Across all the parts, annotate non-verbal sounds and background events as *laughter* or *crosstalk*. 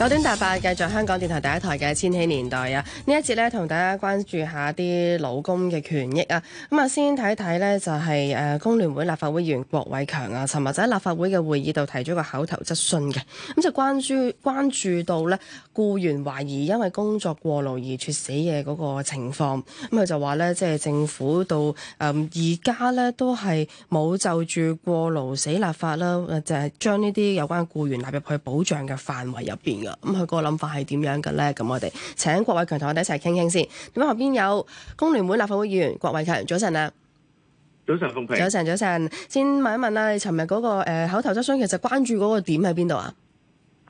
九點大八繼續香港電台第一台嘅《千禧年代》啊！呢一節咧，同大家關注下啲勞工嘅權益啊！咁啊，先睇一睇呢，就係誒工聯會立法會議員郭偉強啊，尋日就喺立法會嘅會議度提咗個口頭質詢嘅，咁就關注關注到呢，僱員懷疑因為工作過勞而猝死嘅嗰個情況，咁佢就話呢，即係政府到誒而家呢，都係冇就住過勞死立法啦，就係將呢啲有關僱員納入去保障嘅範圍入邊。咁佢個諗法係點樣嘅咧？咁我哋請郭偉強同我哋一齊傾傾先。咁啊，後邊有工聯會立法會議員郭偉強，早晨啊，早晨，奉陪，早晨，早晨。先問一問啦，那個，你尋日嗰個誒口頭質詢，其實關注嗰個點喺邊度啊？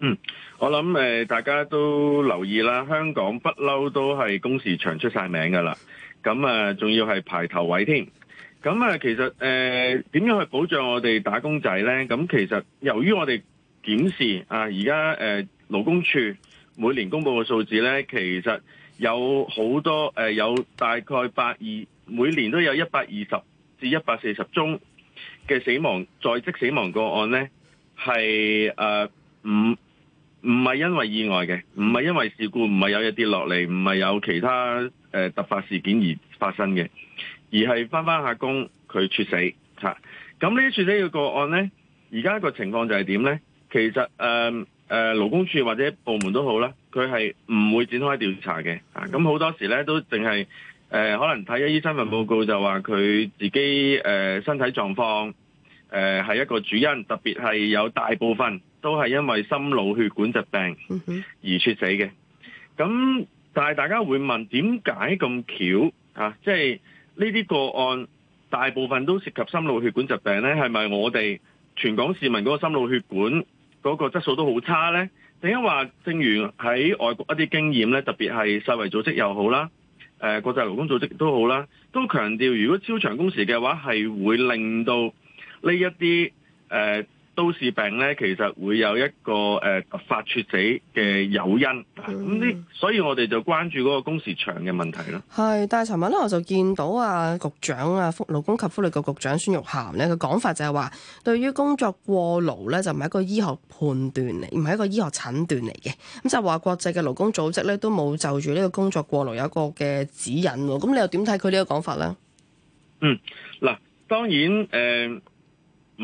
嗯，我諗誒、呃，大家都留意啦，香港不嬲都係工時長出晒名噶啦。咁啊，仲、呃、要係排頭位添。咁啊、呃，其實誒、點、呃、樣去保障我哋打工仔咧？咁其實由於我哋檢視啊，而家誒。勞工處每年公布嘅數字呢，其實有好多誒，有大概百二，每年都有一百二十至一百四十宗嘅死亡在職死亡個案呢，係誒唔唔係因為意外嘅，唔係因為事故，唔係有嘢跌落嚟，唔係有其他誒、呃、突發事件而發生嘅，而係返返下工佢猝死嚇。咁呢啲猝死嘅個案呢，而家個情況就係點呢？其實誒。呃誒勞工處或者部門都好啦，佢係唔會展開調查嘅。啊，咁好多時咧都淨係誒，可能睇一醫生份報告就話佢自己誒、呃、身體狀況誒係、呃、一個主因，特別係有大部分都係因為心腦血管疾病而猝死嘅。咁但係大家會問點解咁巧啊？即係呢啲個案大部分都涉及心腦血管疾病咧，係咪我哋全港市民嗰個心腦血管？嗰、那個質素都好差呢，點解話？正如喺外國一啲經驗呢，特別係世衞組織又好啦，誒國際勞工組織都好啦，都強調如果超長工時嘅話，係會令到呢一啲誒。呃都市病咧，其實會有一個誒、呃、發猝死嘅誘因咁、嗯嗯，所以我哋就關注嗰個工時長嘅問題咯。係，但係尋日咧我就見到啊，局長啊，勞工及福利局局長孫玉菡呢佢講法就係話，對於工作過勞咧，就唔係一個醫學判斷嚟，唔係一個醫學診斷嚟嘅。咁就話國際嘅勞工組織咧，都冇就住呢個工作過勞有一個嘅指引喎。咁你又點睇佢呢個講法咧？嗯，嗱，當然誒，唔、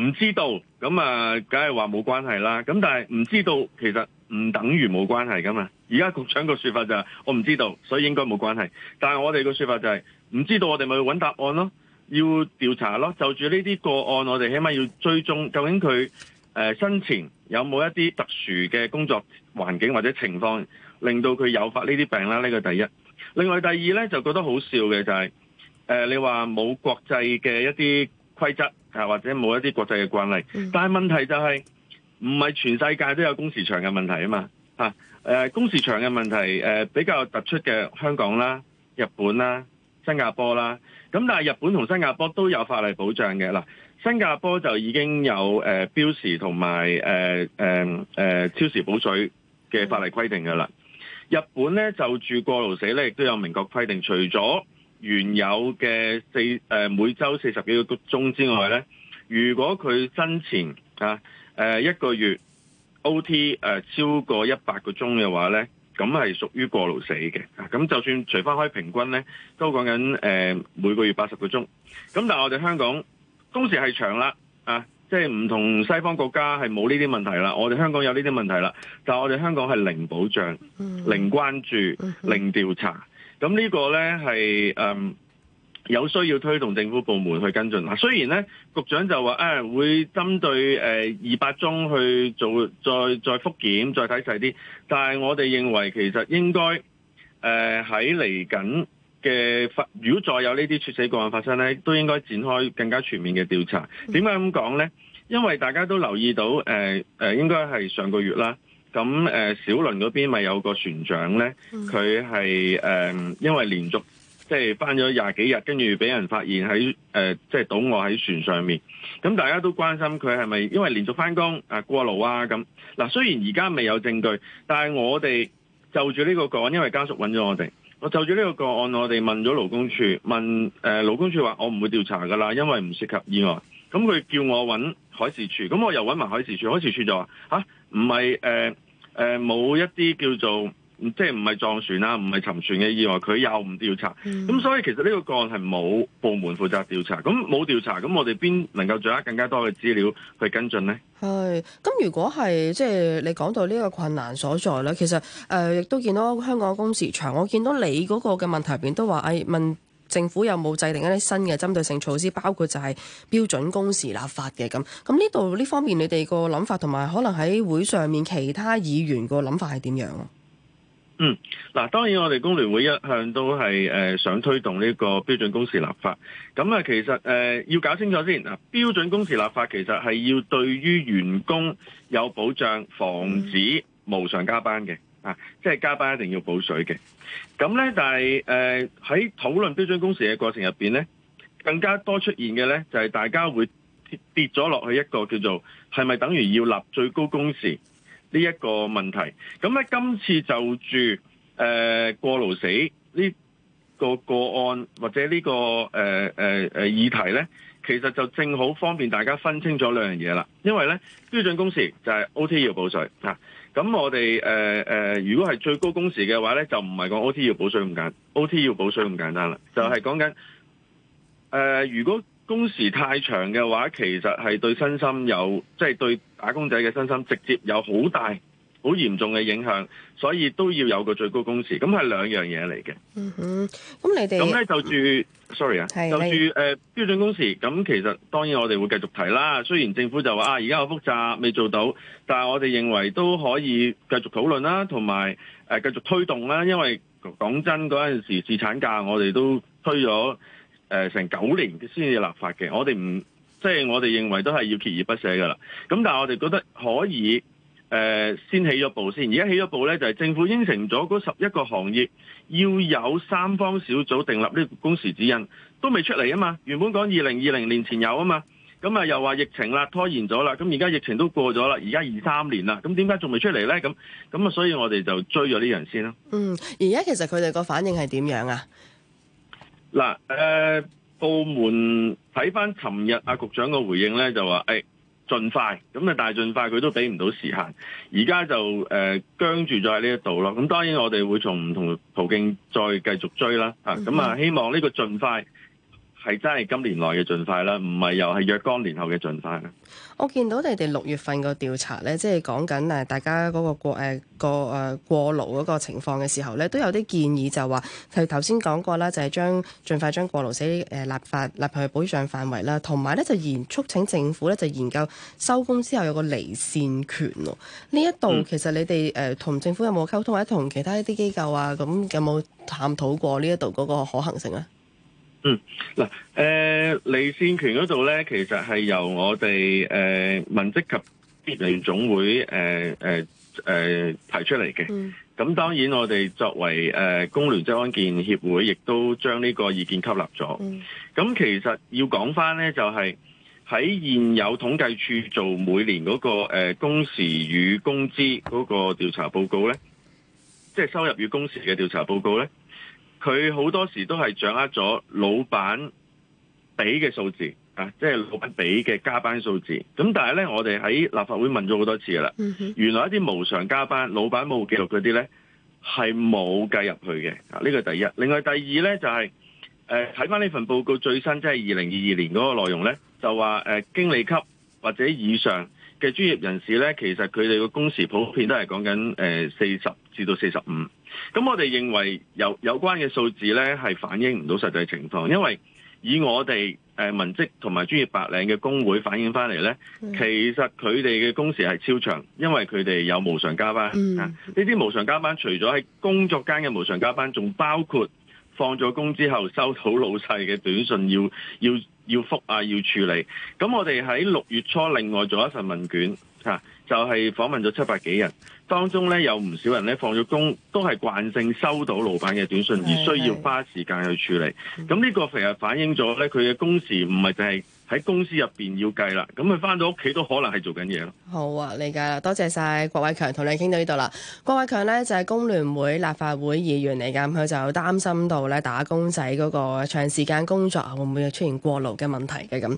呃、知道。咁啊，梗係話冇關係啦。咁但係唔知道，其實唔等於冇關係噶嘛。而家局長個說法就係我唔知道，所以應該冇關係。但係我哋個說法就係唔知道，我哋咪去揾答案咯，要調查咯。就住呢啲個案，我哋起碼要追蹤究竟佢誒生前有冇一啲特殊嘅工作環境或者情況，令到佢誘發呢啲病啦。呢個第一。另外第二咧，就覺得好笑嘅就係誒，你話冇國際嘅一啲規則啊，或者冇一啲國際嘅慣例，但係問題就係唔係全世界都有工時長嘅問題嘛？啊嘛，嚇，誒，工時長嘅問題誒、呃、比較突出嘅香港啦、日本啦、新加坡啦，咁但係日本同新加坡都有法例保障嘅，嗱，新加坡就已經有誒、呃、標時同埋誒、誒、誒超時補水嘅法例規定嘅啦，日本咧就住過勞死咧，亦都有明確規定，除咗原有嘅四、呃、每周四十幾個鐘之外咧，如果佢生前啊、呃、一個月 O T 誒、呃、超過一百個鐘嘅話咧，咁係屬於過勞死嘅。咁、啊、就算除翻開平均咧，都講緊誒每個月八十個鐘。咁但係我哋香港工時係長啦啊，即係唔同西方國家係冇呢啲問題啦。我哋香港有呢啲問題啦，但係我哋香港係零保障、零關注、零調查。 *laughs* 咁呢個呢，係誒、嗯、有需要推動政府部門去跟進。嗱，雖然呢，局長就話誒、啊、會針對誒二百宗去做再再復檢，再睇細啲，但係我哋認為其實應該誒喺嚟緊嘅發，如果再有呢啲猝死個案發生呢，都應該展開更加全面嘅調查。點解咁講呢？因為大家都留意到誒誒、呃呃，應該係上個月啦。咁小輪嗰邊咪有個船長咧？佢係誒因為連續即係翻咗廿幾日，跟住俾人發現喺誒即係倒卧喺船上面。咁大家都關心佢係咪因為連續翻工啊過勞啊咁嗱、啊？雖然而家未有證據，但係我哋就住呢個個案，因為家屬揾咗我哋，我就住呢個個案，我哋問咗勞工處，問誒、呃、勞工處話我唔會調查㗎啦，因為唔涉及意外。咁佢叫我揾海事處，咁我又揾埋海事處，海事處就話吓，唔係誒誒冇一啲叫做即係唔係撞船啦、啊，唔係沉船嘅意外，佢又唔調查，咁、嗯、所以其實呢個個案係冇部門負責調查，咁冇調查，咁我哋邊能夠掌握更加多嘅資料去跟進呢？係，咁如果係即係你講到呢個困難所在咧，其實誒亦、呃、都見到香港工時長，我見到你嗰個嘅問題入邊都話誒、哎、問。政府有冇制定一啲新嘅針對性措施，包括就係標準工時立法嘅咁？咁呢度呢方面你們想，你哋個諗法同埋可能喺會上面其他議員個諗法係點樣？嗯，嗱，當然我哋工聯會一向都係誒想推動呢個標準工時立法。咁啊，其實誒、呃、要搞清楚先，嗱，標準工時立法其實係要對於員工有保障，防止無償加班嘅。啊、即係加班一定要補水嘅，咁咧，但係誒喺討論標準工時嘅過程入邊咧，更加多出現嘅咧，就係、是、大家會跌咗落去一個叫做係咪等於要立最高工時呢一個問題。咁咧，今次就住誒、呃、過勞死呢個個案或者呢、呢個誒誒誒議題咧。其實就正好方便大家分清楚兩樣嘢啦，因為呢標準工時就係 O T 要補水啊，咁我哋誒誒，如果係最高工時嘅話呢，就唔係講 O T 要補水咁簡單，O T 要補水咁簡單啦，就係講緊誒，如果工時太長嘅話，其實係對身心有，即係對打工仔嘅身心直接有好大好嚴重嘅影響，所以都要有個最高工時，咁係兩樣嘢嚟嘅。嗯哼，咁你哋咁咧就住，sorry 啊，就住誒、呃、標準工時。咁其實當然我哋會繼續提啦。雖然政府就話啊，而家好複雜，未做到，但係我哋認為都可以繼續討論啦，同埋誒繼續推動啦。因為講真嗰陣時，侍產假我哋都推咗誒成九年先至立法嘅。我哋唔即係我哋認為都係要鍥而不捨㗎啦。咁但係我哋覺得可以。誒，先起咗步先，而家起咗步咧，就係政府應承咗嗰十一個行業要有三方小組訂立呢個工時指引，都未出嚟啊嘛！原本講二零二零年前有啊嘛，咁啊又話疫情啦，拖延咗啦，咁而家疫情都過咗啦，而家二三年啦，咁點解仲未出嚟咧？咁咁啊，所以我哋就追咗呢樣先咯。嗯，而家其實佢哋個反應係點樣啊？嗱，誒，部門睇翻尋日阿局長個回應咧，就話誒。盡快咁啊，但係盡快佢都俾唔到時限，而家就誒僵住咗喺呢一度咯。咁當然我哋會從唔同途徑再繼續追啦。咁啊，希望呢個盡快。係真係今年內嘅盡快啦，唔係又係若干年後嘅盡快咧。我見到你哋六月份個調查咧，即係講緊大家嗰個過誒勞嗰個情況嘅時候咧，都有啲建議就話係頭先講過啦，就係、就係、將盡快將過勞死誒、呃、立法立去保障範圍啦，同埋咧就延促請政府咧就研究收工之後有個離線權喎，呢一度其實你哋同、嗯呃、政府有冇溝通，或者同其他一啲機構啊咁有冇探討過呢一度嗰個可行性啊？嗯，嗱、呃，誒，離線權嗰度咧，其實係由我哋誒、呃、文職及別離總會，誒誒誒提出嚟嘅。咁、嗯、當然，我哋作為誒、呃、工聯職安健協會，亦都將呢個意見吸納咗。咁、嗯、其實要講翻咧，就係、是、喺現有統計處做每年嗰、那個誒、呃、工時與工資嗰個調查報告咧，即、就、係、是、收入與工時嘅調查報告咧。佢好多時都係掌握咗老闆俾嘅數字啊，即係老闆俾嘅加班數字。咁但係呢，我哋喺立法會問咗好多次噶啦，原來一啲無償加班，老闆冇記錄嗰啲呢係冇計入去嘅啊。呢個第一。另外第二呢，就係睇翻呢份報告最新即係二零二二年嗰個內容呢，就話誒經理級或者以上嘅專業人士咧，其實佢哋個工時普遍都係講緊誒四十至到四十五。咁我哋認為有有關嘅數字咧，係反映唔到實際情況，因為以我哋誒、呃、文職同埋專業白領嘅工會反映翻嚟咧，其實佢哋嘅工時係超長，因為佢哋有無償加班、嗯、啊。呢啲無償加班除咗喺工作間嘅無償加班，仲包括放咗工之後收到老細嘅短信要要，要要覆啊，要處理。咁我哋喺六月初另外做一份問卷，吓，就係訪問咗七百幾人。當中咧有唔少人咧放咗工，都係慣性收到老闆嘅短信，而需要花時間去處理。咁呢個其實反映咗咧佢嘅工時唔係淨係喺公司入面要計啦。咁佢返到屋企都可能係做緊嘢咯。好啊，理解啦，多謝晒郭偉強，同你傾到呢度啦。郭偉強咧就係、是、工聯會立法會議員嚟㗎，佢就擔心到咧打工仔嗰個長時間工作會唔會出現過勞嘅問題嘅咁。